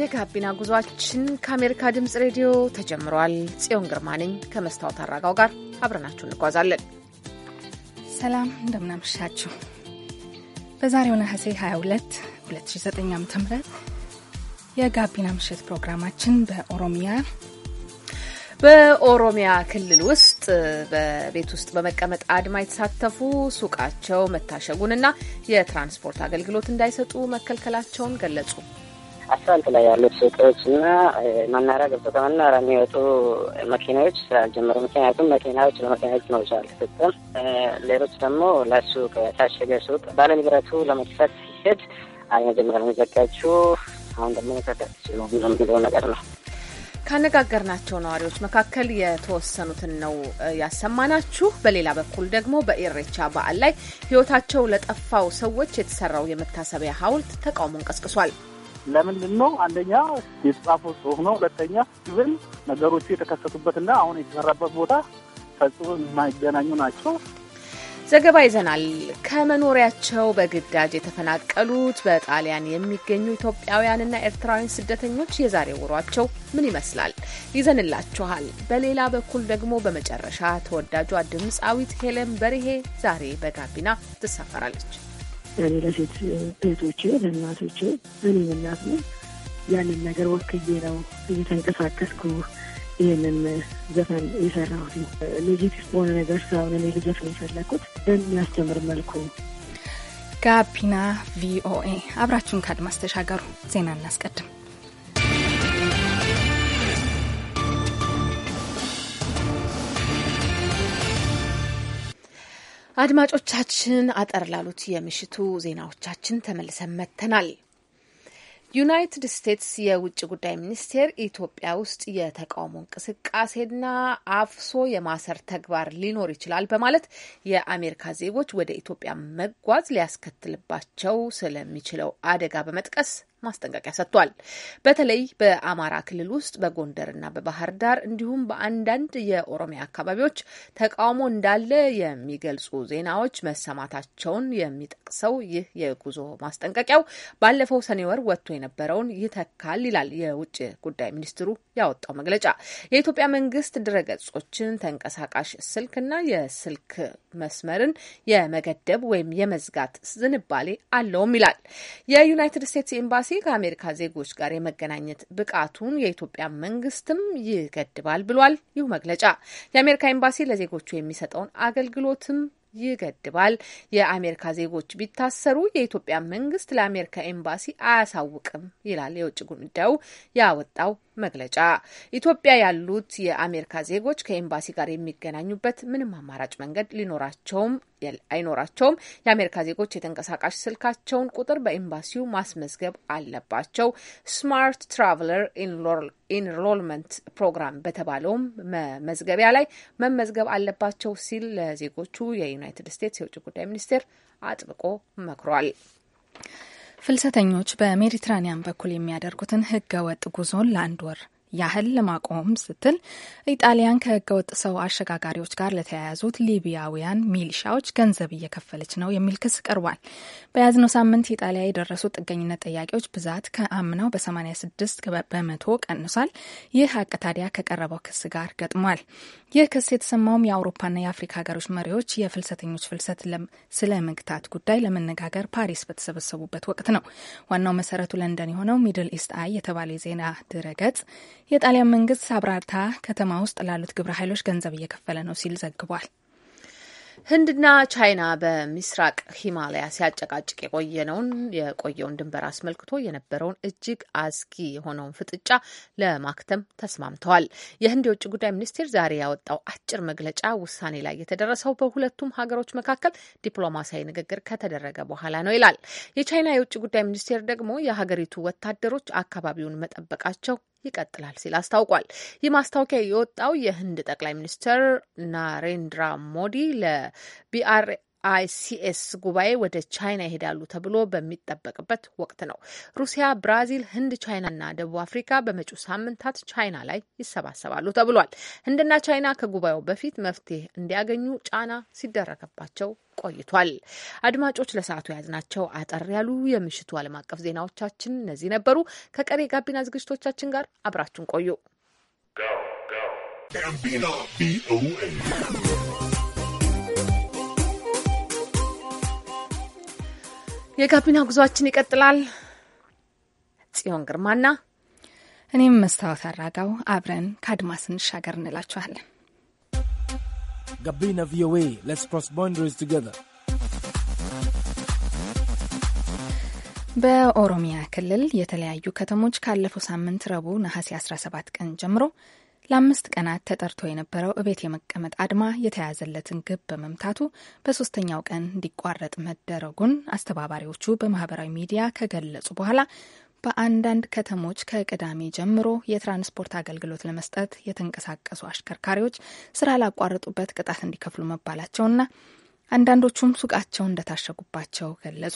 የጋቢና ጉዟችን ከአሜሪካ ድምፅ ሬዲዮ ተጀምሯል። ጽዮን ግርማ ነኝ ከመስታወት አራጋው ጋር አብረናችሁ እንጓዛለን። ሰላም እንደምናመሻችሁ። በዛሬው ነሐሴ 22 2009 ዓ ም የጋቢና ምሽት ፕሮግራማችን በኦሮሚያ በኦሮሚያ ክልል ውስጥ በቤት ውስጥ በመቀመጥ አድማ የተሳተፉ ሱቃቸው መታሸጉንና የትራንስፖርት አገልግሎት እንዳይሰጡ መከልከላቸውን ገለጹ። አስፋልት ላይ ያሉት ሱቆች እና መናሪያ ገብቶ ከመናሪያ የሚወጡ መኪናዎች ስራ ምክንያቱም መኪናዎች ለመኪናዎች መውጫ አልተሰጠም። ሌሎች ደግሞ ለሱቅ የታሸገ ሱቅ ባለንብረቱ ለመክፈት ሲሄድ አይ መጀመሪያ የሚዘጋችሁ አሁን ደግሞ መሰጠት ችሉ የሚለው ነገር ነው። ካነጋገርናቸው ነዋሪዎች መካከል የተወሰኑትን ነው ያሰማናችሁ። በሌላ በኩል ደግሞ በኢሬቻ በዓል ላይ ሕይወታቸው ለጠፋው ሰዎች የተሰራው የመታሰቢያ ሐውልት ተቃውሞን ቀስቅሷል። ለምንድን ነው? አንደኛ የተጻፈው ጽሁፍ ነው። ሁለተኛ ግን ነገሮቹ የተከሰቱበትና አሁን የተሰራበት ቦታ ፈጽሞ የማይገናኙ ናቸው። ዘገባ ይዘናል። ከመኖሪያቸው በግዳጅ የተፈናቀሉት በጣሊያን የሚገኙ ኢትዮጵያውያንና ኤርትራውያን ስደተኞች የዛሬ ውሯቸው ምን ይመስላል ይዘንላችኋል። በሌላ በኩል ደግሞ በመጨረሻ ተወዳጇ ድምፃዊት ሄለን በርሄ ዛሬ በጋቢና ትሳፈራለች። ለእኔ ለሴት እህቶቼ፣ ለእናቶቼ እኔም እናት ነው። ያንን ነገር ወክዬ ነው እየተንቀሳቀስኩ ይህንን ዘፈን የሰራሁት። ኔጌቲቭ በሆነ ነገር ሳይሆን እኔ ልዘፍን የፈለግኩት በሚያስተምር መልኩ። ጋቢና ቪኦኤ አብራችሁን ከአድማስ ተሻገሩ። ዜና እናስቀድም። አድማጮቻችን አጠር ላሉት የምሽቱ ዜናዎቻችን ተመልሰን መጥተናል። ዩናይትድ ስቴትስ የውጭ ጉዳይ ሚኒስቴር ኢትዮጵያ ውስጥ የተቃውሞ እንቅስቃሴና አፍሶ የማሰር ተግባር ሊኖር ይችላል በማለት የአሜሪካ ዜጎች ወደ ኢትዮጵያ መጓዝ ሊያስከትልባቸው ስለሚችለው አደጋ በመጥቀስ ማስጠንቀቂያ ሰጥቷል። በተለይ በአማራ ክልል ውስጥ በጎንደርና በባህር ዳር እንዲሁም በአንዳንድ የኦሮሚያ አካባቢዎች ተቃውሞ እንዳለ የሚገልጹ ዜናዎች መሰማታቸውን የሚጠቅሰው ይህ የጉዞ ማስጠንቀቂያው ባለፈው ሰኔ ወር ወጥቶ የነበረውን ይተካል ይላል የውጭ ጉዳይ ሚኒስትሩ ያወጣው መግለጫ። የኢትዮጵያ መንግስት ድረገጾችን፣ ተንቀሳቃሽ ስልክና የስልክ መስመርን የመገደብ ወይም የመዝጋት ዝንባሌ አለውም ይላል። የዩናይትድ ስቴትስ ኤምባሲ ከአሜሪካ ዜጎች ጋር የመገናኘት ብቃቱን የኢትዮጵያ መንግስትም ይገድባል ብሏል። ይህ መግለጫ የአሜሪካ ኤምባሲ ለዜጎቹ የሚሰጠውን አገልግሎትም ይገድባል። የአሜሪካ ዜጎች ቢታሰሩ የኢትዮጵያ መንግስት ለአሜሪካ ኤምባሲ አያሳውቅም ይላል የውጭ ጉዳዩ ያወጣው መግለጫ። ኢትዮጵያ ያሉት የአሜሪካ ዜጎች ከኤምባሲ ጋር የሚገናኙበት ምንም አማራጭ መንገድ ሊኖራቸውም አይኖራቸውም። የአሜሪካ ዜጎች የተንቀሳቃሽ ስልካቸውን ቁጥር በኤምባሲው ማስመዝገብ አለባቸው። ስማርት ትራቨለር ኢንሮልመንት ፕሮግራም በተባለውም መመዝገቢያ ላይ መመዝገብ አለባቸው ሲል ለዜጎቹ የዩናይትድ ስቴትስ የውጭ ጉዳይ ሚኒስቴር አጥብቆ መክሯል። ፍልሰተኞች በሜዲትራኒያን በኩል የሚያደርጉትን ህገወጥ ጉዞን ለአንድ ወር ያህል ለማቆም ስትል ኢጣሊያን ከህገወጥ ሰው አሸጋጋሪዎች ጋር ለተያያዙት ሊቢያውያን ሚሊሻዎች ገንዘብ እየከፈለች ነው የሚል ክስ ቀርቧል። በያዝነው ሳምንት ኢጣሊያ የደረሱ ጥገኝነት ጥያቄዎች ብዛት ከአምናው በ86 በመቶ ቀንሷል። ይህ ሀቅ ታዲያ ከቀረበው ክስ ጋር ገጥሟል። ይህ ክስ የተሰማውም የአውሮፓና የአፍሪካ ሀገሮች መሪዎች የፍልሰተኞች ፍልሰት ስለ መግታት ጉዳይ ለመነጋገር ፓሪስ በተሰበሰቡበት ወቅት ነው። ዋናው መሰረቱ ለንደን የሆነው ሚድል ኢስት አይ የተባለ የዜና ድረገጽ የጣሊያን መንግስት ሳብራታ ከተማ ውስጥ ላሉት ግብረ ኃይሎች ገንዘብ እየከፈለ ነው ሲል ዘግቧል። ህንድና ቻይና በምስራቅ ሂማላያ ሲያጨቃጭቅ የቆየነውን የቆየውን ድንበር አስመልክቶ የነበረውን እጅግ አስጊ የሆነውን ፍጥጫ ለማክተም ተስማምተዋል። የህንድ የውጭ ጉዳይ ሚኒስቴር ዛሬ ያወጣው አጭር መግለጫ ውሳኔ ላይ የተደረሰው በሁለቱም ሀገሮች መካከል ዲፕሎማሲያዊ ንግግር ከተደረገ በኋላ ነው ይላል። የቻይና የውጭ ጉዳይ ሚኒስቴር ደግሞ የሀገሪቱ ወታደሮች አካባቢውን መጠበቃቸው ይቀጥላል ሲል አስታውቋል። ይህ ማስታወቂያ የወጣው የህንድ ጠቅላይ ሚኒስትር ናሬንድራ ሞዲ ለቢአር አይሲኤስ ጉባኤ ወደ ቻይና ይሄዳሉ ተብሎ በሚጠበቅበት ወቅት ነው። ሩሲያ፣ ብራዚል፣ ህንድ፣ ቻይናና ደቡብ አፍሪካ በመጪው ሳምንታት ቻይና ላይ ይሰባሰባሉ ተብሏል። ህንድና ቻይና ከጉባኤው በፊት መፍትሄ እንዲያገኙ ጫና ሲደረገባቸው ቆይቷል። አድማጮች ለሰዓቱ የያዝናቸው አጠር ያሉ የምሽቱ ዓለም አቀፍ ዜናዎቻችን እነዚህ ነበሩ። ከቀሪ ጋቢና ዝግጅቶቻችን ጋር አብራችሁን ቆዩ። የጋቢና ጉዟችን ይቀጥላል። ጽዮን ግርማና እኔም መስታወት አራጋው አብረን ከአድማስ እንሻገር እንላችኋለን። ጋቢና ቪኦኤ ሌትስ ክሮስ ቦንደሪስ ቱጌዘር በኦሮሚያ ክልል የተለያዩ ከተሞች ካለፈው ሳምንት ረቡዕ ነሐሴ 17 ቀን ጀምሮ ለአምስት ቀናት ተጠርቶ የነበረው እቤት የመቀመጥ አድማ የተያዘለትን ግብ በመምታቱ በሶስተኛው ቀን እንዲቋረጥ መደረጉን አስተባባሪዎቹ በማህበራዊ ሚዲያ ከገለጹ በኋላ በአንዳንድ ከተሞች ከቅዳሜ ጀምሮ የትራንስፖርት አገልግሎት ለመስጠት የተንቀሳቀሱ አሽከርካሪዎች ስራ ላቋረጡበት ቅጣት እንዲከፍሉ መባላቸውና አንዳንዶቹም ሱቃቸው እንደታሸጉባቸው ገለጹ።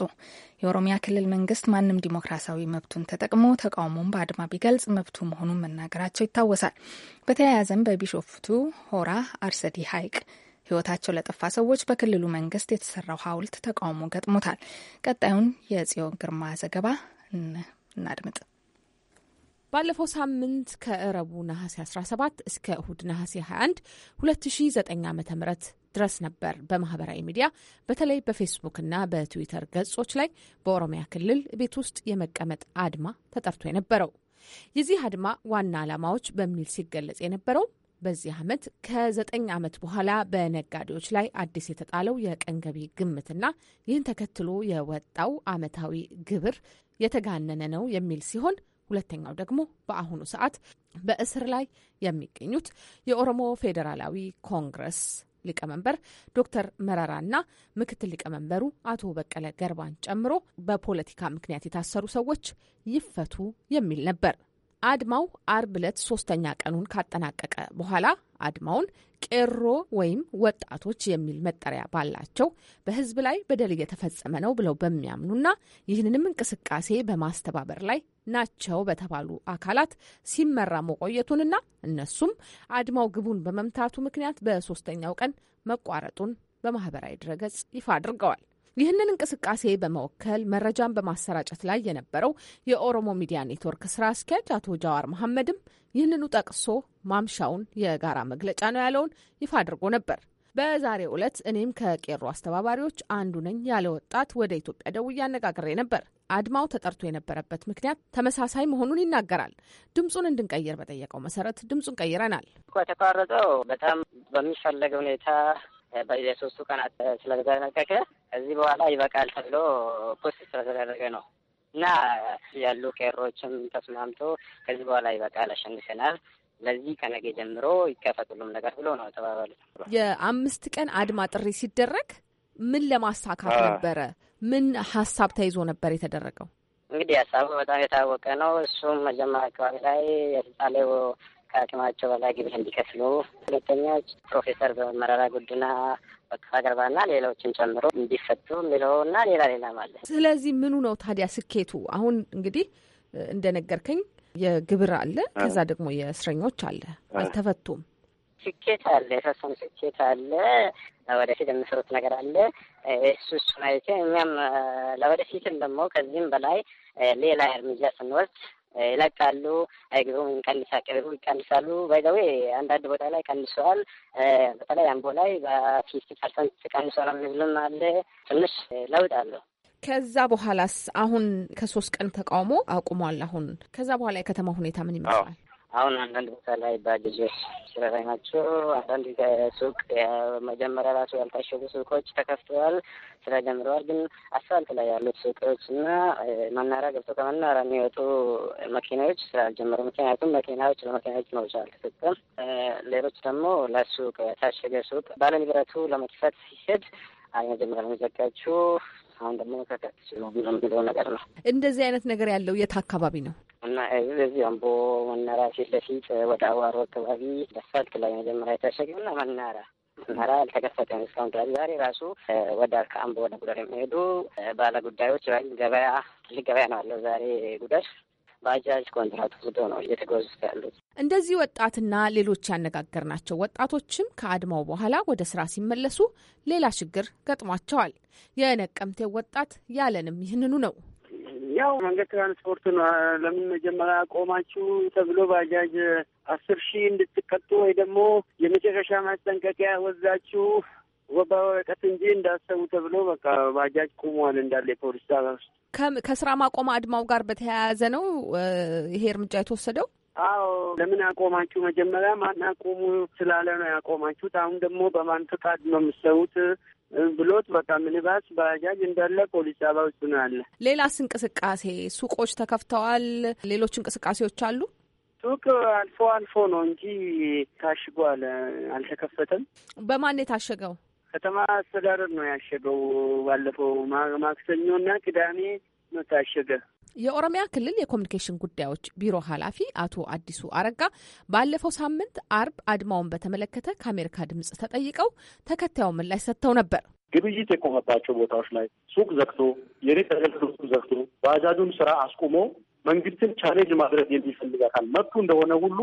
የኦሮሚያ ክልል መንግስት ማንም ዲሞክራሲያዊ መብቱን ተጠቅሞ ተቃውሞውን በአድማ ቢገልጽ መብቱ መሆኑን መናገራቸው ይታወሳል። በተያያዘም በቢሾፍቱ ሆራ አርሰዲ ሐይቅ ህይወታቸው ለጠፋ ሰዎች በክልሉ መንግስት የተሰራው ሐውልት ተቃውሞ ገጥሞታል። ቀጣዩን የጽዮን ግርማ ዘገባ እናድምጥ። ባለፈው ሳምንት ከእረቡ ነሐሴ 17 እስከ እሁድ ነሐሴ 21 2009 ዓ.ም ድረስ ነበር በማህበራዊ ሚዲያ በተለይ በፌስቡክና በትዊተር ገጾች ላይ በኦሮሚያ ክልል ቤት ውስጥ የመቀመጥ አድማ ተጠርቶ የነበረው። የዚህ አድማ ዋና ዓላማዎች በሚል ሲገለጽ የነበረው በዚህ ዓመት ከዘጠኝ ዓመት በኋላ በነጋዴዎች ላይ አዲስ የተጣለው የቀን ገቢ ግምትና ይህን ተከትሎ የወጣው ዓመታዊ ግብር የተጋነነ ነው የሚል ሲሆን ሁለተኛው ደግሞ በአሁኑ ሰዓት በእስር ላይ የሚገኙት የኦሮሞ ፌዴራላዊ ኮንግረስ ሊቀመንበር ዶክተር መረራና ምክትል ሊቀመንበሩ አቶ በቀለ ገርባን ጨምሮ በፖለቲካ ምክንያት የታሰሩ ሰዎች ይፈቱ የሚል ነበር። አድማው አርብ ዕለት ሶስተኛ ቀኑን ካጠናቀቀ በኋላ አድማውን ቄሮ ወይም ወጣቶች የሚል መጠሪያ ባላቸው በህዝብ ላይ በደል እየተፈጸመ ነው ብለው በሚያምኑና ይህንንም እንቅስቃሴ በማስተባበር ላይ ናቸው በተባሉ አካላት ሲመራ መቆየቱንና እነሱም አድማው ግቡን በመምታቱ ምክንያት በሶስተኛው ቀን መቋረጡን በማህበራዊ ድረገጽ ይፋ አድርገዋል። ይህንን እንቅስቃሴ በመወከል መረጃን በማሰራጨት ላይ የነበረው የኦሮሞ ሚዲያ ኔትወርክ ስራ አስኪያጅ አቶ ጃዋር መሐመድም ይህንኑ ጠቅሶ ማምሻውን የጋራ መግለጫ ነው ያለውን ይፋ አድርጎ ነበር። በዛሬ ዕለት እኔም ከቄሮ አስተባባሪዎች አንዱ ነኝ ያለ ወጣት ወደ ኢትዮጵያ ደውዬ አነጋግሬ ነበር። አድማው ተጠርቶ የነበረበት ምክንያት ተመሳሳይ መሆኑን ይናገራል። ድምፁን እንድንቀይር በጠየቀው መሰረት ድምፁን ቀይረናል። የተቋረጠው በጣም በሚፈለግ ሁኔታ በየሶስቱ ቀናት ስለተጠነቀቀ ከዚህ በኋላ ይበቃል ተብሎ ፖስት ስለተደረገ ነው እና ያሉ ቄሮዎችም ተስማምቶ ከዚህ በኋላ ይበቃል አሸንፈናል ለዚህ ከነገ ጀምሮ ይከፈት ነገር ብሎ ነው ተባባሉት። የአምስት ቀን አድማ ጥሪ ሲደረግ ምን ለማሳካት ነበረ? ምን ሀሳብ ተይዞ ነበር የተደረገው? እንግዲህ ሀሳቡ በጣም የታወቀ ነው። እሱም መጀመሪያ አካባቢ ላይ የስልጣኔው ከአቅማቸው በላይ ግብር እንዲከፍሉ፣ ሁለተኛዎች ፕሮፌሰር መረራ ጉዲና በቀለ ገርባና ሌሎችን ጨምሮ እንዲፈቱ የሚለው እና ሌላ ሌላም አለ። ስለዚህ ምኑ ነው ታዲያ ስኬቱ? አሁን እንግዲህ እንደነገርከኝ የግብር አለ፣ ከዛ ደግሞ የእስረኞች አለ፣ አልተፈቱም። ስኬት አለ፣ የፈሰም ስኬት አለ፣ ለወደፊት የምሰሩት ነገር አለ። እሱ እሱ ማለት እኛም ለወደፊትም ደግሞ ከዚህም በላይ ሌላ እርምጃ ስንወስድ ይለቃሉ። ግብሩም ይቀንሳ ቅብሩ ይቀንሳሉ። ባይዘዌ አንዳንድ ቦታ ላይ ቀንሰዋል። በተለይ አምቦ ላይ በፊፍቲ ፐርሰንት ቀንሰዋል የሚሉም አለ። ትንሽ ለውጥ አለው። ከዛ በኋላስ አሁን ከሶስት ቀን ተቃውሞ አቁሟል። አሁን ከዛ በኋላ የከተማ ሁኔታ ምን ይመስላል? አሁን አንዳንድ ቦታ ላይ ባጃጆች ስራ ላይ ናቸው። አንዳንድ ሱቅ መጀመሪያ ራሱ ያልታሸጉ ሱቆች ተከፍተዋል፣ ስራ ጀምረዋል። ግን አስፋልት ላይ ያሉት ሱቆች እና መናራ ገብቶ ከመናራ የሚወጡ መኪናዎች ስራ አልጀመሩ። ምክንያቱም መኪናዎች ለመኪናዎች መውጫ አልተሰጠም። ሌሎች ደግሞ ለሱቅ የታሸገ ሱቅ ባለንብረቱ ለመክፈት ሲሄድ አይ መጀመሪያ ነው አሁን ደግሞ መካከል የሚለው ነገር ነው። እንደዚህ አይነት ነገር ያለው የት አካባቢ ነው? እና እዚህ አምቦ መናራ ፊት ለፊት ወደ አዋሮ አካባቢ በአስፋልት ላይ መጀመሪያ የታሸገ እና መናራ መናራ አልተከፈተም እስካሁን ድረስ። ዛሬ ራሱ ወደ ከአምቦ ወደ ጉደር የሚሄዱ ባለ ጉዳዮች ገበያ ትልቅ ገበያ ነው ያለው ዛሬ ጉደር ባጃጅ ኮንትራት ወስዶ ነው እየተጓዙት ያሉት። እንደዚህ ወጣትና ሌሎች ያነጋገርናቸው ወጣቶችም ከአድማው በኋላ ወደ ስራ ሲመለሱ ሌላ ችግር ገጥሟቸዋል። የነቀምቴ ወጣት ያለንም ይህንኑ ነው። ያው መንገድ ትራንስፖርት ነው። ለምን መጀመሪያ ቆማችሁ ተብሎ ባጃጅ አስር ሺህ እንድትቀጡ ወይ ደግሞ የመጨረሻ ማስጠንቀቂያ ወዛችሁ በወረቀት እንጂ እንዳሰቡ ተብሎ በቃ ባጃጅ ቁሟል እንዳለ የፖሊስ ጣቢያ ውስጥ። ከስራ ማቆም አድማው ጋር በተያያዘ ነው ይሄ እርምጃ የተወሰደው? አዎ ለምን ያቆማችሁ መጀመሪያ ማን አቁሙ ስላለ ነው ያቆማችሁት። አሁን ደግሞ በማን ፍቃድ ነው የምትሰሩት ብሎት በቃ ሚኒባስ ባጃጅ እንዳለ ፖሊስ ጣቢያ ውስጥ ነው ያለ። ሌላስ እንቅስቃሴ ሱቆች ተከፍተዋል። ሌሎች እንቅስቃሴዎች አሉ። ሱቅ አልፎ አልፎ ነው እንጂ ታሽጓል፣ አልተከፈተም። በማን የታሸገው? ከተማ አስተዳደር ነው ያሸገው። ባለፈው ማክሰኞና ቅዳሜ ነው ታሸገ። የኦሮሚያ ክልል የኮሚኒኬሽን ጉዳዮች ቢሮ ኃላፊ አቶ አዲሱ አረጋ ባለፈው ሳምንት አርብ አድማውን በተመለከተ ከአሜሪካ ድምጽ ተጠይቀው ተከታዩ ምላሽ ሰጥተው ነበር። ግብይት የቆመባቸው ቦታዎች ላይ ሱቅ ዘግቶ የቤት አገልግሎቱ ዘግቶ ባጃጁን ስራ አስቁሞ መንግስትን ቻሌንጅ ማድረግ የሚፈልግ አካል መብቱ እንደሆነ ሁሉ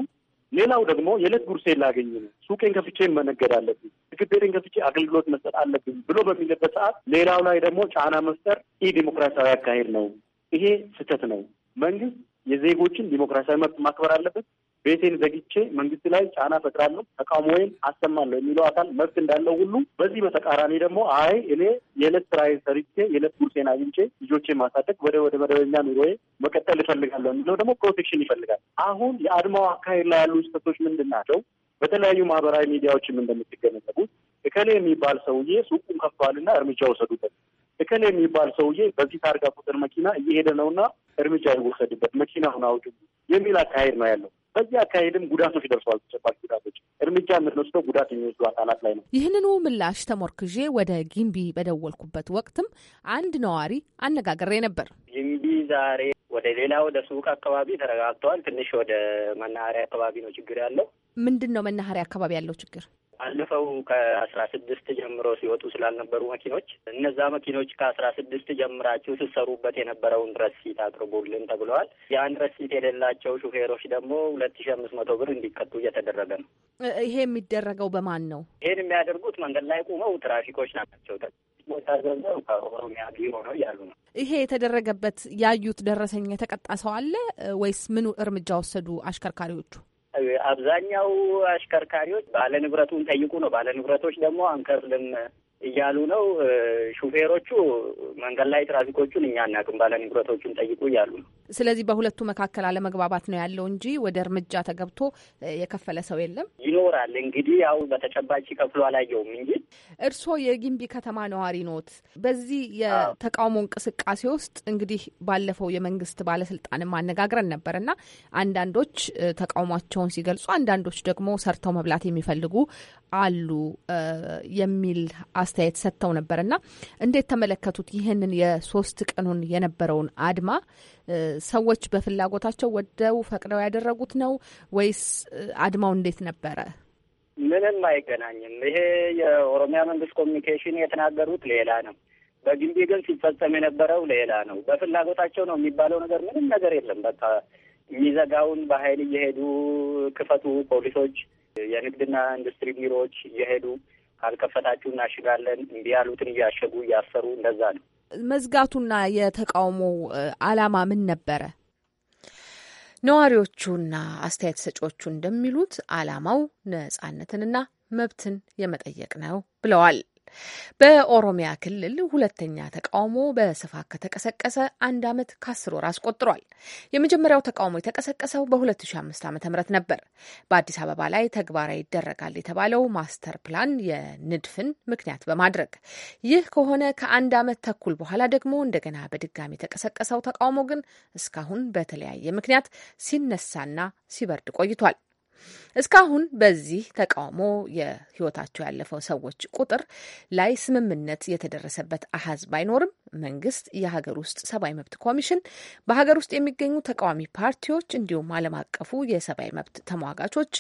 ሌላው ደግሞ የዕለት ጉርሴ ላገኝ ነው፣ ሱቄን ከፍቼ መነገድ አለብኝ፣ ምግብ ቤቴን ከፍቼ አገልግሎት መስጠት አለብኝ ብሎ በሚልበት ሰዓት ሌላው ላይ ደግሞ ጫና መፍጠር ኢ ዲሞክራሲያዊ አካሄድ ነው። ይሄ ስህተት ነው። መንግስት የዜጎችን ዲሞክራሲያዊ መብት ማክበር አለበት። ቤቴን ዘግቼ መንግስት ላይ ጫና ፈጥራለሁ፣ ተቃውሞዬን አሰማለሁ የሚለው አካል መብት እንዳለው ሁሉ በዚህ በተቃራኒ ደግሞ አይ እኔ የዕለት ስራዬን ሰርቼ የዕለት ጉርሴን አግኝቼ ልጆቼ ማሳደግ ወደ ወደ መደበኛ ኑሮዬ መቀጠል እፈልጋለሁ የሚለው ደግሞ ፕሮቴክሽን ይፈልጋል። አሁን የአድማው አካሄድ ላይ ያሉ ስህተቶች ምንድን ናቸው? በተለያዩ ማህበራዊ ሚዲያዎችም እንደምትገነዘቡት እከሌ የሚባል ሰውዬ ሱቁን ከፍቷልና እርምጃ ወሰዱበት እከሌ የሚባል ሰውዬ በዚህ ታርጋ ቁጥር መኪና እየሄደ ነውና እርምጃ ይወሰድበት፣ መኪናውን አውጡ የሚል አካሄድ ነው ያለው። በዚህ አካሄድም ጉዳቶች ደርሰዋል። ተጨባጭ ጉዳቶች እርምጃ የምንወስደው ጉዳት የሚወስዱ አካላት ላይ ነው። ይህንኑ ምላሽ ተሞርክዤ ወደ ጊምቢ በደወልኩበት ወቅትም አንድ ነዋሪ አነጋግሬ ነበር። ጊምቢ ዛሬ ወደ ሌላ ወደ ሱቅ አካባቢ ተረጋግተዋል። ትንሽ ወደ መናኸሪያ አካባቢ ነው ችግር ያለው። ምንድን ነው መናኸሪያ አካባቢ ያለው ችግር? አለፈው ከአስራ ስድስት ጀምሮ ሲወጡ ስላልነበሩ መኪኖች እነዛ መኪኖች ከአስራ ስድስት ጀምራችሁ ስትሰሩበት የነበረውን ረሲት አቅርቡልን ተብለዋል። ያን ረሲት የሌላቸው ሹፌሮች ደግሞ ሁለት ሺ አምስት መቶ ብር እንዲቀጡ እየተደረገ ነው። ይሄ የሚደረገው በማን ነው? ይሄን የሚያደርጉት መንገድ ላይ ቁመው ትራፊኮች ናቸው። ቦታ ዘዘው ከኦሮሚያ ቢሮ ነው እያሉ ነው። ይሄ የተደረገበት ያዩት ደረሰኝ የተቀጣ ሰው አለ ወይስ ምኑ እርምጃ ወሰዱ አሽከርካሪዎቹ? አብዛኛው አሽከርካሪዎች ባለ ንብረቱን ጠይቁ ነው። ባለ ንብረቶች ደግሞ አንከፍልም እያሉ ነው። ሹፌሮቹ መንገድ ላይ ትራፊኮቹን እኛ አናውቅም፣ ባለ ንብረቶቹን ጠይቁ እያሉ ነው። ስለዚህ በሁለቱ መካከል አለመግባባት ነው ያለው እንጂ ወደ እርምጃ ተገብቶ የከፈለ ሰው የለም። ይኖራል እንግዲህ ያው በተጨባጭ ከፍሎ አላየውም እንጂ። እርስዎ የጊምቢ ከተማ ነዋሪ ኖት። በዚህ የተቃውሞ እንቅስቃሴ ውስጥ እንግዲህ ባለፈው የመንግስት ባለስልጣንም አነጋግረን ነበር እና አንዳንዶች ተቃውሟቸውን ሲገልጹ፣ አንዳንዶች ደግሞ ሰርተው መብላት የሚፈልጉ አሉ የሚል አስተያየት ሰጥተው ነበር እና እንዴት ተመለከቱት? ይህንን የሶስት ቀኑን የነበረውን አድማ ሰዎች በፍላጎታቸው ወደው ፈቅደው ያደረጉት ነው ወይስ አድማው እንዴት ነበረ? ምንም አይገናኝም። ይሄ የኦሮሚያ መንግስት ኮሚኒኬሽን የተናገሩት ሌላ ነው። በግንቢ ግን ሲፈጸም የነበረው ሌላ ነው። በፍላጎታቸው ነው የሚባለው ነገር ምንም ነገር የለም። በቃ የሚዘጋውን በኃይል እየሄዱ ክፈቱ፣ ፖሊሶች፣ የንግድና ኢንዱስትሪ ቢሮዎች እየሄዱ ካልከፈታችሁ እናሽጋለን፣ እምቢ ያሉትን እያሸጉ እያሰሩ እንደዛ ነው። መዝጋቱና የተቃውሞ አላማ ምን ነበረ? ነዋሪዎቹና አስተያየት ሰጪዎቹ እንደሚሉት አላማው ነጻነትንና መብትን የመጠየቅ ነው ብለዋል። በኦሮሚያ ክልል ሁለተኛ ተቃውሞ በስፋት ከተቀሰቀሰ አንድ ዓመት ከአስር ወር አስቆጥሯል። የመጀመሪያው ተቃውሞ የተቀሰቀሰው በ2005 ም ነበር። በአዲስ አበባ ላይ ተግባራዊ ይደረጋል የተባለው ማስተር ፕላን የንድፍን ምክንያት በማድረግ ይህ ከሆነ ከአንድ ዓመት ተኩል በኋላ ደግሞ እንደገና በድጋሚ የተቀሰቀሰው ተቃውሞ ግን እስካሁን በተለያየ ምክንያት ሲነሳና ሲበርድ ቆይቷል። እስካሁን በዚህ ተቃውሞ የህይወታቸው ያለፈው ሰዎች ቁጥር ላይ ስምምነት የተደረሰበት አሀዝ ባይኖርም መንግስት፣ የሀገር ውስጥ ሰብአዊ መብት ኮሚሽን፣ በሀገር ውስጥ የሚገኙ ተቃዋሚ ፓርቲዎች እንዲሁም ዓለም አቀፉ የሰብአዊ መብት ተሟጋቾች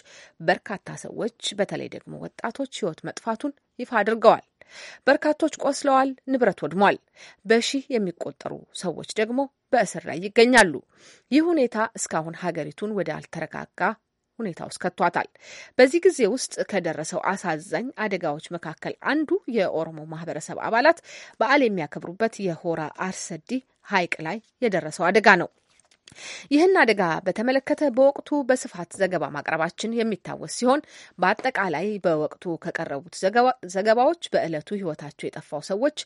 በርካታ ሰዎች በተለይ ደግሞ ወጣቶች ህይወት መጥፋቱን ይፋ አድርገዋል። በርካቶች ቆስለዋል፣ ንብረት ወድሟል። በሺህ የሚቆጠሩ ሰዎች ደግሞ በእስር ላይ ይገኛሉ። ይህ ሁኔታ እስካሁን ሀገሪቱን ወደ አልተረጋጋ ሁኔታ ውስጥ ከቷታል። በዚህ ጊዜ ውስጥ ከደረሰው አሳዛኝ አደጋዎች መካከል አንዱ የኦሮሞ ማህበረሰብ አባላት በዓል የሚያከብሩበት የሆራ አርሰዲ ሐይቅ ላይ የደረሰው አደጋ ነው። ይህን አደጋ በተመለከተ በወቅቱ በስፋት ዘገባ ማቅረባችን የሚታወስ ሲሆን በአጠቃላይ በወቅቱ ከቀረቡት ዘገባዎች በዕለቱ ሕይወታቸው የጠፋው ሰዎች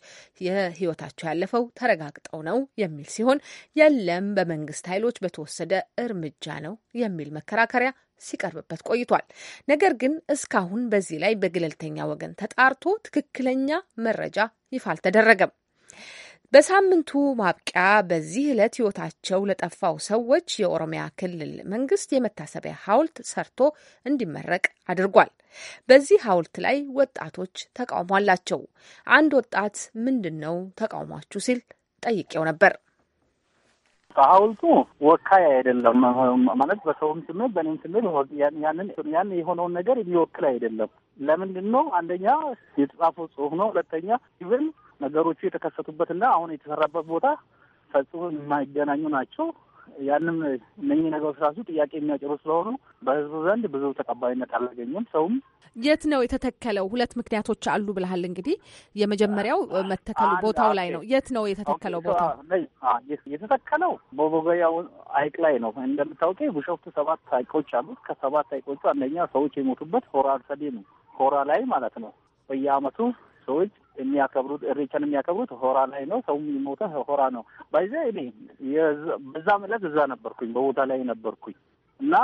የሕይወታቸው ያለፈው ተረጋግጠው ነው የሚል ሲሆን የለም በመንግስት ኃይሎች በተወሰደ እርምጃ ነው የሚል መከራከሪያ ሲቀርብበት ቆይቷል። ነገር ግን እስካሁን በዚህ ላይ በገለልተኛ ወገን ተጣርቶ ትክክለኛ መረጃ ይፋ አልተደረገም። በሳምንቱ ማብቂያ በዚህ ዕለት ሕይወታቸው ለጠፋው ሰዎች የኦሮሚያ ክልል መንግስት የመታሰቢያ ሐውልት ሰርቶ እንዲመረቅ አድርጓል። በዚህ ሐውልት ላይ ወጣቶች ተቃውሞ አላቸው። አንድ ወጣት ምንድን ነው ተቃውሟችሁ ሲል ጠይቄው ነበር። ሐውልቱ ወካይ አይደለም ማለት በሰውም ስሜት በእኔም ስሜት ያንን ያን የሆነውን ነገር የሚወክል አይደለም። ለምንድን ነው? አንደኛ የተጻፈው ጽሁፍ ነው። ሁለተኛ ኢቭን ነገሮቹ የተከሰቱበትና አሁን የተሰራበት ቦታ ፈጽሞ የማይገናኙ ናቸው። ያንም እነኚህ ነገሮች ራሱ ጥያቄ የሚያጭሩ ስለሆኑ በህዝቡ ዘንድ ብዙ ተቀባይነት አላገኙም። ሰውም የት ነው የተተከለው? ሁለት ምክንያቶች አሉ ብለሃል። እንግዲህ የመጀመሪያው መተከሉ ቦታው ላይ ነው። የት ነው የተተከለው? ቦታ የተተከለው በቦገያ ሐይቅ ላይ ነው። እንደምታውቂ ቢሾፍቱ ሰባት ሐይቆች አሉት። ከሰባት ሐይቆቹ አንደኛ ሰዎች የሞቱበት ሆራ አርሰዴ ነው። ሆራ ላይ ማለት ነው። በየአመቱ ሰዎች የሚያከብሩት እሬቻን የሚያከብሩት ሆራ ላይ ነው። ሰውም የሞተ ሆራ ነው። ባይዘ እኔ በዛ ምለት እዛ ነበርኩኝ፣ በቦታ ላይ ነበርኩኝ እና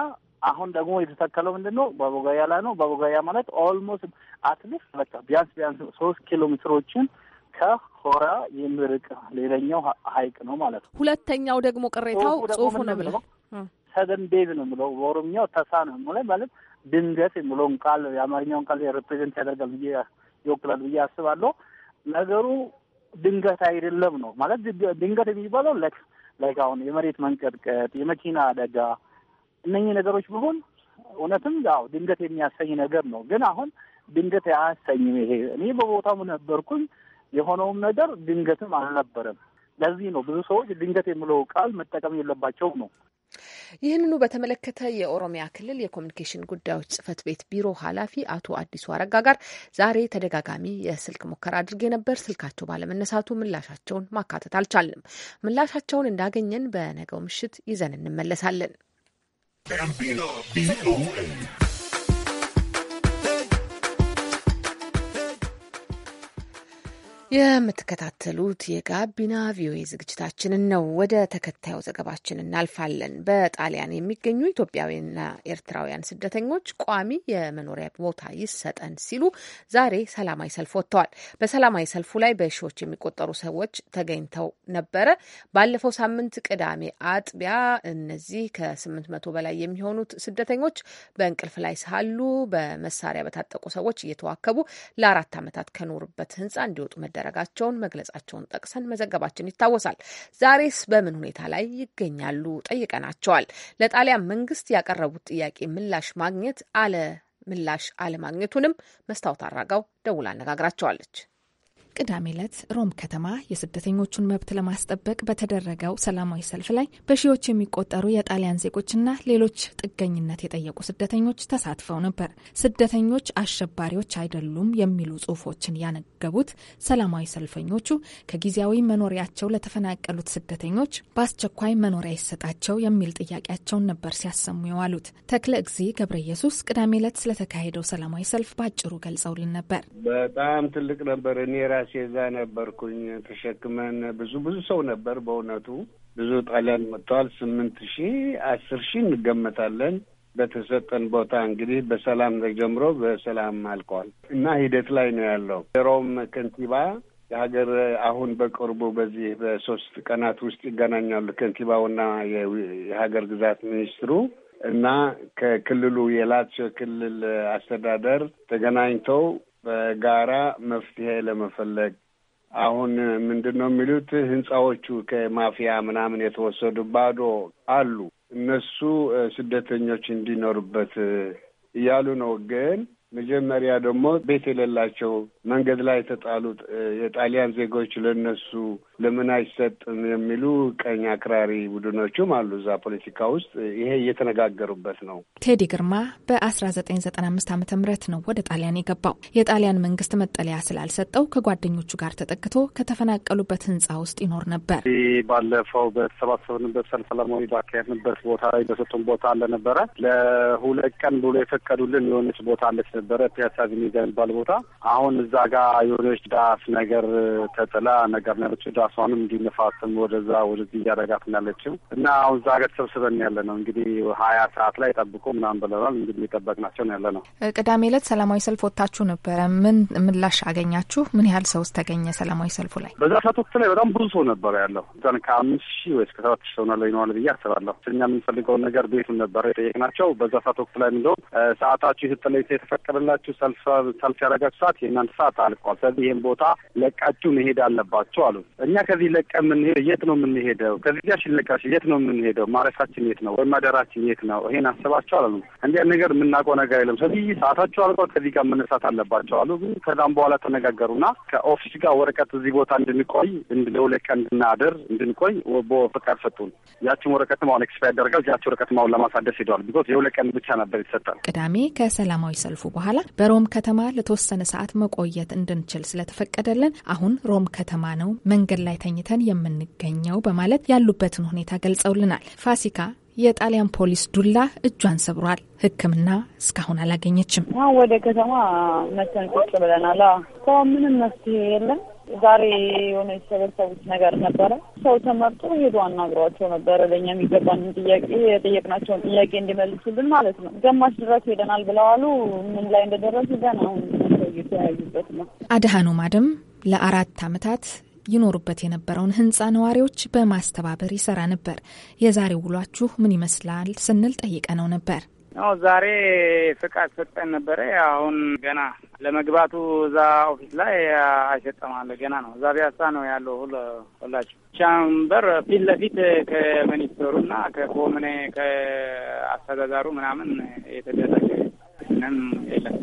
አሁን ደግሞ የተተከለው ምንድን ነው? በቦጋያ ላይ ነው። በቦጋያ ማለት ኦልሞስት አትሊስት በቃ ቢያንስ ቢያንስ ሶስት ኪሎ ሜትሮችን ከሆራ የሚርቅ ሌላኛው ሀይቅ ነው ማለት ነው። ሁለተኛው ደግሞ ቅሬታው ጽሁፉ ነው ብለ ሰደን ቤዝ ነው ብለው በኦሮምኛው ተሳ ነው ማለት ማለት ድንገት የምለውን ቃል የአማርኛውን ቃል ሪፕሬዘንት ያደርጋል ብዬ ይወክላል ብዬ አስባለሁ። ነገሩ ድንገት አይደለም ነው ማለት ድንገት የሚባለው ላይክ አሁን የመሬት መንቀጥቀጥ፣ የመኪና አደጋ እነኚህ ነገሮች ቢሆን እውነትም ያው ድንገት የሚያሰኝ ነገር ነው። ግን አሁን ድንገት አያሰኝም። ይሄ እኔ በቦታው ነበርኩኝ። የሆነውም ነገር ድንገትም አልነበረም። ለዚህ ነው ብዙ ሰዎች ድንገት የሚለው ቃል መጠቀም የለባቸውም ነው። ይህንኑ በተመለከተ የኦሮሚያ ክልል የኮሚኒኬሽን ጉዳዮች ጽህፈት ቤት ቢሮ ኃላፊ አቶ አዲሱ አረጋ ጋር ዛሬ ተደጋጋሚ የስልክ ሙከራ አድርጌ ነበር። ስልካቸው ባለመነሳቱ ምላሻቸውን ማካተት አልቻልንም። ምላሻቸውን እንዳገኘን በነገው ምሽት ይዘን እንመለሳለን። የምትከታተሉት የጋቢና ቪኦኤ ዝግጅታችንን ነው። ወደ ተከታዩ ዘገባችን እናልፋለን። በጣሊያን የሚገኙ ኢትዮጵያውያንና ኤርትራውያን ስደተኞች ቋሚ የመኖሪያ ቦታ ይሰጠን ሲሉ ዛሬ ሰላማዊ ሰልፍ ወጥተዋል። በሰላማዊ ሰልፉ ላይ በሺዎች የሚቆጠሩ ሰዎች ተገኝተው ነበረ። ባለፈው ሳምንት ቅዳሜ አጥቢያ እነዚህ ከስምንት መቶ በላይ የሚሆኑት ስደተኞች በእንቅልፍ ላይ ሳሉ በመሳሪያ በታጠቁ ሰዎች እየተዋከቡ ለአራት ዓመታት ከኖሩበት ህንጻ እንዲወጡ መደረ መደረጋቸውን መግለጻቸውን ጠቅሰን መዘገባችን ይታወሳል። ዛሬስ በምን ሁኔታ ላይ ይገኛሉ ጠይቀናቸዋል። ለጣሊያን መንግስት ያቀረቡት ጥያቄ ምላሽ ማግኘት አለ ምላሽ አለማግኘቱንም መስታወት አራጋው ደውላ አነጋግራቸዋለች። ቅዳሜ ዕለት ሮም ከተማ የስደተኞቹን መብት ለማስጠበቅ በተደረገው ሰላማዊ ሰልፍ ላይ በሺዎች የሚቆጠሩ የጣሊያን ዜጎችና ሌሎች ጥገኝነት የጠየቁ ስደተኞች ተሳትፈው ነበር። ስደተኞች አሸባሪዎች አይደሉም የሚሉ ጽሁፎችን ያነገቡት ሰላማዊ ሰልፈኞቹ ከጊዜያዊ መኖሪያቸው ለተፈናቀሉት ስደተኞች በአስቸኳይ መኖሪያ ይሰጣቸው የሚል ጥያቄያቸውን ነበር ሲያሰሙ የዋሉት። ተክለ እግዚ ገብረ ኢየሱስ ቅዳሜ ዕለት ስለተካሄደው ሰላማዊ ሰልፍ በአጭሩ ገልጸውልን ነበር። በጣም ትልቅ ነበር እኔ ሴዛ ነበርኩኝ። ተሸክመን ብዙ ብዙ ሰው ነበር በእውነቱ ብዙ ጣሊያን መጥተዋል። ስምንት ሺህ አስር ሺህ እንገመታለን። በተሰጠን ቦታ እንግዲህ በሰላም ተጀምሮ በሰላም አልቀዋል እና ሂደት ላይ ነው ያለው። የሮም ከንቲባ የሀገር አሁን በቅርቡ በዚህ በሶስት ቀናት ውስጥ ይገናኛሉ ከንቲባውና የሀገር ግዛት ሚኒስትሩ እና ከክልሉ የላዚዮ ክልል አስተዳደር ተገናኝተው በጋራ መፍትሄ ለመፈለግ አሁን ምንድን ነው የሚሉት ህንፃዎቹ ከማፊያ ምናምን የተወሰዱ ባዶ አሉ። እነሱ ስደተኞች እንዲኖሩበት እያሉ ነው። ግን መጀመሪያ ደግሞ ቤት የሌላቸው መንገድ ላይ የተጣሉ የጣሊያን ዜጎች ለነሱ ለምን አይሰጥም የሚሉ ቀኝ አክራሪ ቡድኖችም አሉ እዛ ፖለቲካ ውስጥ። ይሄ እየተነጋገሩበት ነው። ቴዲ ግርማ በ1995 ዓ ም ነው ወደ ጣሊያን የገባው። የጣሊያን መንግስት መጠለያ ስላልሰጠው ከጓደኞቹ ጋር ተጠቅቶ ከተፈናቀሉበት ህንፃ ውስጥ ይኖር ነበር። ባለፈው በተሰባሰብንበት ሰልፍ ሰላማዊ ባካሄድንበት ቦታ ላይ በሰጡን ቦታ አለነበረ ለሁለት ቀን ብሎ የፈቀዱልን የሆነች ቦታ አለች ነበረ ፒያሳ ቪኔጋ የሚባል ቦታ። አሁን እዛ ጋር የሆነች ዳፍ ነገር ተጥላ ነገር ነሮች ዳስ ራሷንም እንዲነፋትም ወደዛ ወደዚህ እያደረጋት ያለችው እና አሁን እዛ ሀገር ተሰብስበን ያለ ነው እንግዲህ ሀያ ሰዓት ላይ ጠብቁ ምናምን ብለናል። እንግዲህ የጠበቅናቸው ነው ያለ ነው። ቅዳሜ ዕለት ሰላማዊ ሰልፍ ወጥታችሁ ነበረ። ምን ምላሽ አገኛችሁ? ምን ያህል ሰውስ ተገኘ ሰላማዊ ሰልፉ ላይ? በዛ ሰዓት ወቅት ላይ በጣም ብዙ ሰው ነበረ ያለው ዛን ከአምስት ሺህ ወይ እስከ ሰባት ሺህ ሰው ነው ይኖራል ብዬ አስባለሁ። እኛ የምንፈልገውን ነገር ቤቱን ነበረ የጠየቅናቸው። በዛ ሰዓት ወቅት ላይ ምንደው ሰዓታችሁ የተጠለይ የተፈቀደላችሁ ሰልፍ ሰልፍ ያደረጋችሁ ሰዓት የእናንተ ሰዓት አልቋል። ስለዚህ ይህን ቦታ ለቃችሁ መሄድ አለባቸው አሉ። እኛ ከዚህ ለቀ የምንሄደው የት ነው የምንሄደው? ከዚህ ጋር ሽለቃሽ የት ነው የምንሄደው? ማረፊያችን የት ነው? ወይም አደራችን የት ነው? ይሄን አስባቸው አሉ። እንዲያ ነገር የምናውቀው ነገር የለም። ስለዚህ ሰዓታቸው አልቀው ከዚህ ጋር መነሳት አለባቸው አሉ። ግን ከዛም በኋላ ተነጋገሩና ከኦፊስ ጋር ወረቀት እዚህ ቦታ እንድንቆይ ለሁለት እንድናድር እንድንቆይ በፈቃድ ሰጡን። ያችን ወረቀት ማሁን ኤክስፓ ያደርጋል። ያችን ወረቀት ማሁን ለማሳደስ ሄደዋል። ቢኮዝ የሁለት ቀን ብቻ ነበር ይሰጣል። ቅዳሜ ከሰላማዊ ሰልፉ በኋላ በሮም ከተማ ለተወሰነ ሰዓት መቆየት እንድንችል ስለተፈቀደልን አሁን ሮም ከተማ ነው መንገድ መንገድ ላይ ተኝተን የምንገኘው በማለት ያሉበትን ሁኔታ ገልጸውልናል። ፋሲካ የጣሊያን ፖሊስ ዱላ እጇን ሰብሯል። ሕክምና እስካሁን አላገኘችም። አሁን ወደ ከተማ መተን ቁጭ ብለናል። ሰው ምንም መፍትሄ የለም። ዛሬ የሆነ የተሰበሰቡት ነገር ነበረ። ሰው ተመርጦ ሄዶ አናግሯቸው ነበረ። ለእኛ የሚገባንን ጥያቄ የጠየቅናቸውን ጥያቄ እንዲመልሱልን ማለት ነው። ገማሽ ድረስ ሄደናል ብለዋሉ። ምን ላይ እንደደረሱ ገና አሁን ሰው እየተያዩበት ነው። አድሃኖ ማደም ለአራት አመታት ይኖሩበት የነበረውን ህንፃ ነዋሪዎች በማስተባበር ይሰራ ነበር። የዛሬ ውሏችሁ ምን ይመስላል ስንል ጠይቀ ነው ነበር። አዎ ዛሬ ፍቃድ ሰጠን ነበረ። አሁን ገና ለመግባቱ እዛ ኦፊስ ላይ አይሰጠማለ ገና ነው። እዛ ቢያሳ ነው ያለው ሁላችሁ ቻምበር ፊት ለፊት ከሚኒስትሩና ከኮምኔ ከአስተዳዳሩ ምናምን የተደረገ ምንም የለም።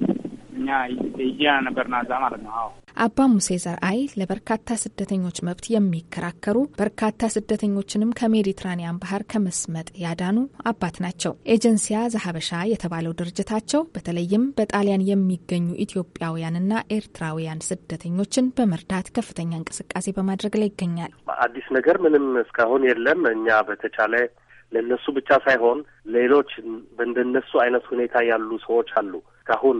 እኛ እያ ነበርና እዛ ማለት ነው። አዎ አባ ሙሴ ዘርአይ ለበርካታ ስደተኞች መብት የሚከራከሩ በርካታ ስደተኞችንም ከሜዲትራኒያን ባህር ከመስመጥ ያዳኑ አባት ናቸው። ኤጀንሲያ ዘሀበሻ የተባለው ድርጅታቸው በተለይም በጣሊያን የሚገኙ ኢትዮጵያውያንና ኤርትራውያን ስደተኞችን በመርዳት ከፍተኛ እንቅስቃሴ በማድረግ ላይ ይገኛል። አዲስ ነገር ምንም እስካሁን የለም። እኛ በተቻለ ለእነሱ ብቻ ሳይሆን ሌሎች በእንደነሱ አይነት ሁኔታ ያሉ ሰዎች አሉ እስካሁን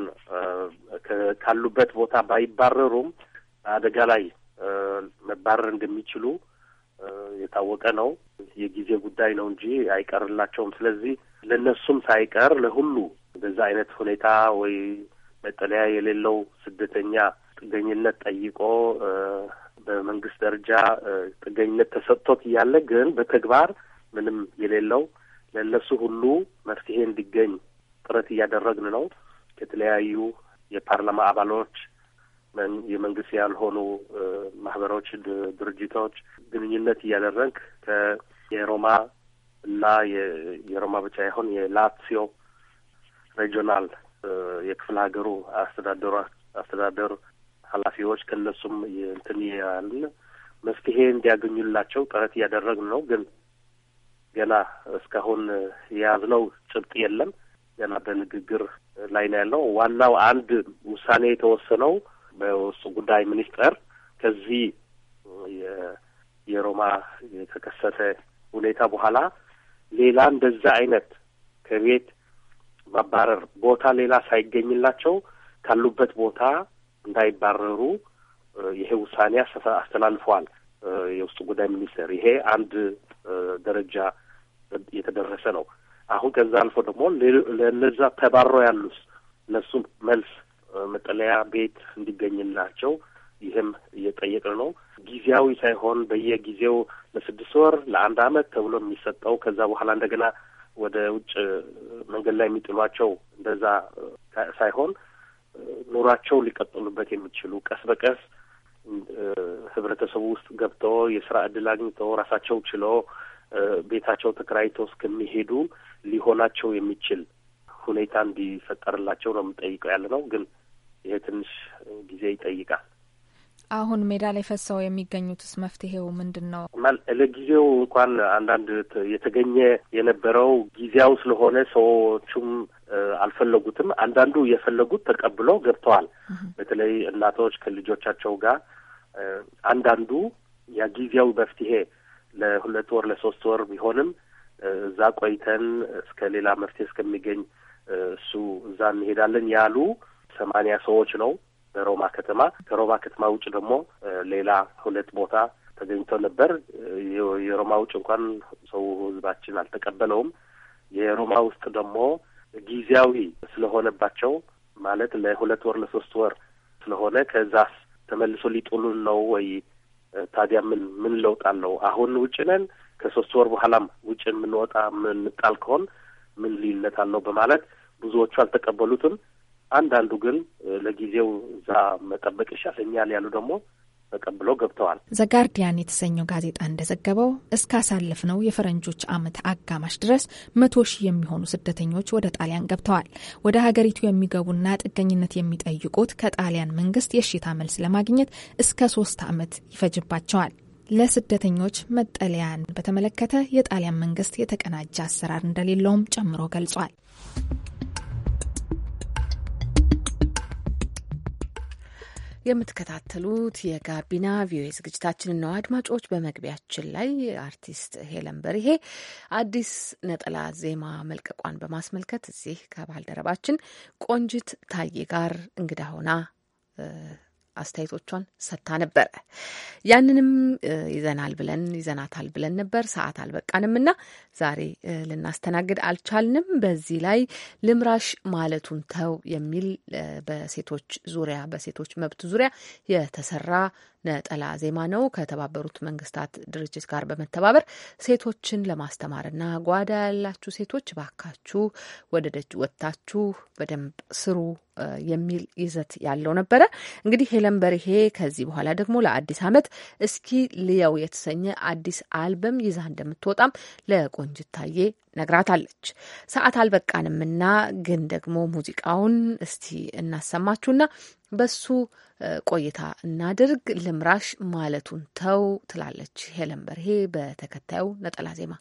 ካሉበት ቦታ ባይባረሩም አደጋ ላይ መባረር እንደሚችሉ የታወቀ ነው። የጊዜ ጉዳይ ነው እንጂ አይቀርላቸውም። ስለዚህ ለእነሱም ሳይቀር ለሁሉ በዛ አይነት ሁኔታ ወይ መጠለያ የሌለው ስደተኛ ጥገኝነት ጠይቆ በመንግስት ደረጃ ጥገኝነት ተሰጥቶት እያለ ግን በተግባር ምንም የሌለው ለእነሱ ሁሉ መፍትሄ እንዲገኝ ጥረት እያደረግን ነው። የተለያዩ የፓርላማ አባሎች፣ የመንግስት ያልሆኑ ማህበሮች፣ ድርጅቶች ግንኙነት እያደረግ ከየሮማ እና የሮማ ብቻ ይሆን የላትሲዮ ሬጂዮናል የክፍለ ሀገሩ አስተዳደሩ አስተዳደር ኃላፊዎች ከነሱም እንትን ያልን መፍትሄ እንዲያገኙላቸው ጥረት እያደረግን ነው። ግን ገና እስካሁን የያዝነው ጭብጥ የለም። ገና በንግግር ላይ ነው ያለው። ዋናው አንድ ውሳኔ የተወሰነው በውስጥ ጉዳይ ሚኒስቴር ከዚህ የሮማ የተከሰተ ሁኔታ በኋላ ሌላ እንደዛ አይነት ከቤት ማባረር ቦታ ሌላ ሳይገኝላቸው ካሉበት ቦታ እንዳይባረሩ ይሄ ውሳኔ አስተላልፈዋል የውስጥ ጉዳይ ሚኒስቴር። ይሄ አንድ ደረጃ የተደረሰ ነው። አሁን ከዛ አልፎ ደግሞ ለነዛ ተባረው ያሉት እነሱም መልስ መጠለያ ቤት እንዲገኝላቸው ይህም እየጠየቅ ነው። ጊዜያዊ ሳይሆን በየጊዜው ለስድስት ወር ለአንድ አመት ተብሎ የሚሰጠው ከዛ በኋላ እንደገና ወደ ውጭ መንገድ ላይ የሚጥሏቸው እንደዛ ሳይሆን ኑሯቸው ሊቀጥሉበት የሚችሉ ቀስ በቀስ ህብረተሰቡ ውስጥ ገብተው የስራ እድል አግኝተው ራሳቸው ችለው ቤታቸው ተከራይቶ እስከሚሄዱ ሊሆናቸው የሚችል ሁኔታ እንዲፈጠርላቸው ነው የምንጠይቀው ያለ ነው። ግን ይሄ ትንሽ ጊዜ ይጠይቃል። አሁን ሜዳ ላይ ፈሰው የሚገኙትስ መፍትሄው ምንድን ነው? ለጊዜው እንኳን አንዳንድ የተገኘ የነበረው ጊዜያው ስለሆነ ሰዎቹም አልፈለጉትም። አንዳንዱ የፈለጉት ተቀብሎ ገብተዋል። በተለይ እናቶች ከልጆቻቸው ጋር፣ አንዳንዱ ያ ጊዜያዊ መፍትሄ ለሁለት ወር ለሶስት ወር ቢሆንም እዛ ቆይተን እስከ ሌላ መፍትሄ እስከሚገኝ እሱ እዛ እንሄዳለን ያሉ ሰማንያ ሰዎች ነው በሮማ ከተማ። ከሮማ ከተማ ውጭ ደግሞ ሌላ ሁለት ቦታ ተገኝተው ነበር። የሮማ ውጭ እንኳን ሰው ህዝባችን አልተቀበለውም። የሮማ ውስጥ ደግሞ ጊዜያዊ ስለሆነባቸው ማለት ለሁለት ወር ለሶስት ወር ስለሆነ ከዛስ ተመልሶ ሊጥሉን ነው ወይ ታዲያ ምን ምን ለውጥ አለው? አሁን ውጭ ነን፣ ከሶስት ወር በኋላም ውጭ የምንወጣ የምንጣል ከሆን ምን ልዩነት አለው? በማለት ብዙዎቹ አልተቀበሉትም። አንዳንዱ ግን ለጊዜው እዛ መጠበቅ ይሻለኛል ያሉ ደግሞ ተቀብሎ ገብተዋል። ዘጋርዲያን የተሰኘው ጋዜጣ እንደዘገበው ነው የፈረንጆች ዓመት አጋማሽ ድረስ መቶ ሺህ የሚሆኑ ስደተኞች ወደ ጣሊያን ገብተዋል። ወደ ሀገሪቱ የሚገቡና ጥገኝነት የሚጠይቁት ከጣሊያን መንግስት የእሽታ መልስ ለማግኘት እስከ ሶስት ዓመት ይፈጅባቸዋል። ለስደተኞች መጠለያን በተመለከተ የጣሊያን መንግስት የተቀናጀ አሰራር እንደሌለውም ጨምሮ ገልጿል። የምትከታተሉት የጋቢና ቪኦኤ ዝግጅታችንን ነው። አድማጮች፣ በመግቢያችን ላይ አርቲስት ሄለን በርሄ አዲስ ነጠላ ዜማ መልቀቋን በማስመልከት እዚህ ከባልደረባችን ቆንጅት ታዬ ጋር እንግዳ ሆና አስተያየቶቿን ሰጥታ ነበረ። ያንንም ይዘናል ብለን ይዘናታል ብለን ነበር፣ ሰዓት አልበቃንም እና ዛሬ ልናስተናግድ አልቻልንም። በዚህ ላይ ልምራሽ ማለቱን ተው የሚል በሴቶች ዙሪያ በሴቶች መብት ዙሪያ የተሰራ ነጠላ ዜማ ነው። ከተባበሩት መንግስታት ድርጅት ጋር በመተባበር ሴቶችን ለማስተማርና ጓዳ ያላችሁ ሴቶች ባካችሁ ወደ ደጅ ወጥታችሁ በደንብ ስሩ የሚል ይዘት ያለው ነበረ። እንግዲህ ሄለን በርሄ ከዚህ በኋላ ደግሞ ለአዲስ ዓመት እስኪ ልየው የተሰኘ አዲስ አልበም ይዛ እንደምትወጣም ለቆንጅታዬ ነግራታለች። ሰዓት አልበቃንምና ግን ደግሞ ሙዚቃውን እስቲ እናሰማችሁና በሱ ቆይታ እናድርግ። ልምራሽ ማለቱን ተው ትላለች ሄለን በርሄ በተከታዩ ነጠላ ዜማ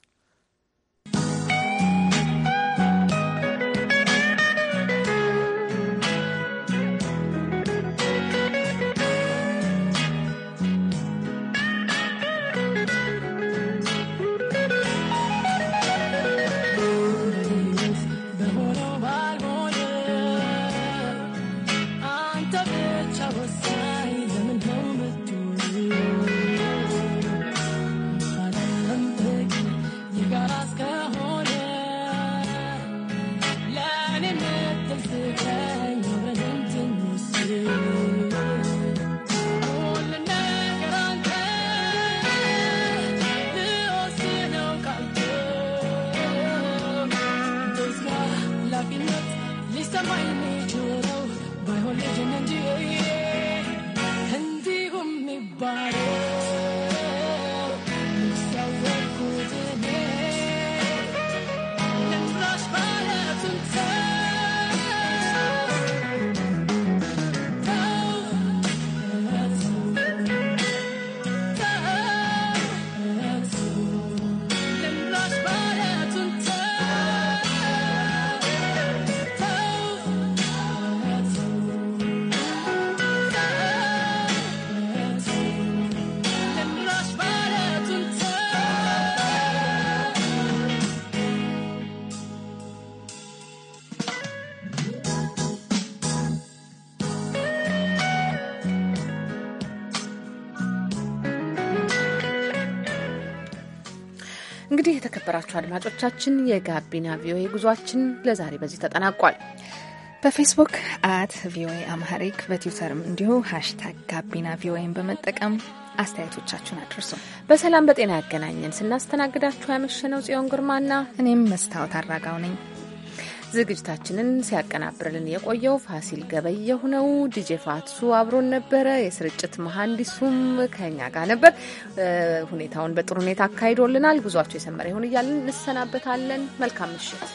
የተከበራችሁ አድማጮቻችን የጋቢና ቪኦኤ ጉዟችን ለዛሬ በዚህ ተጠናቋል። በፌስቡክ አት ቪኦኤ አምሃሪክ በትዊተርም እንዲሁ ሃሽታግ ጋቢና ቪኦኤን በመጠቀም አስተያየቶቻችሁን አድርሱ። በሰላም በጤና ያገናኘን። ስናስተናግዳችሁ ያመሸነው ጽዮን ግርማና እኔም መስታወት አራጋው ነኝ። ዝግጅታችንን ሲያቀናብርልን የቆየው ፋሲል ገበየሁ ነው። ዲጄ ፋትሱ አብሮን ነበረ። የስርጭት መሀንዲሱም ከኛ ጋር ነበር። ሁኔታውን በጥሩ ሁኔታ አካሂዶልናል። ጉዟቸው የሰመረ ይሁን እያልን እንሰናበታለን። መልካም ምሽት።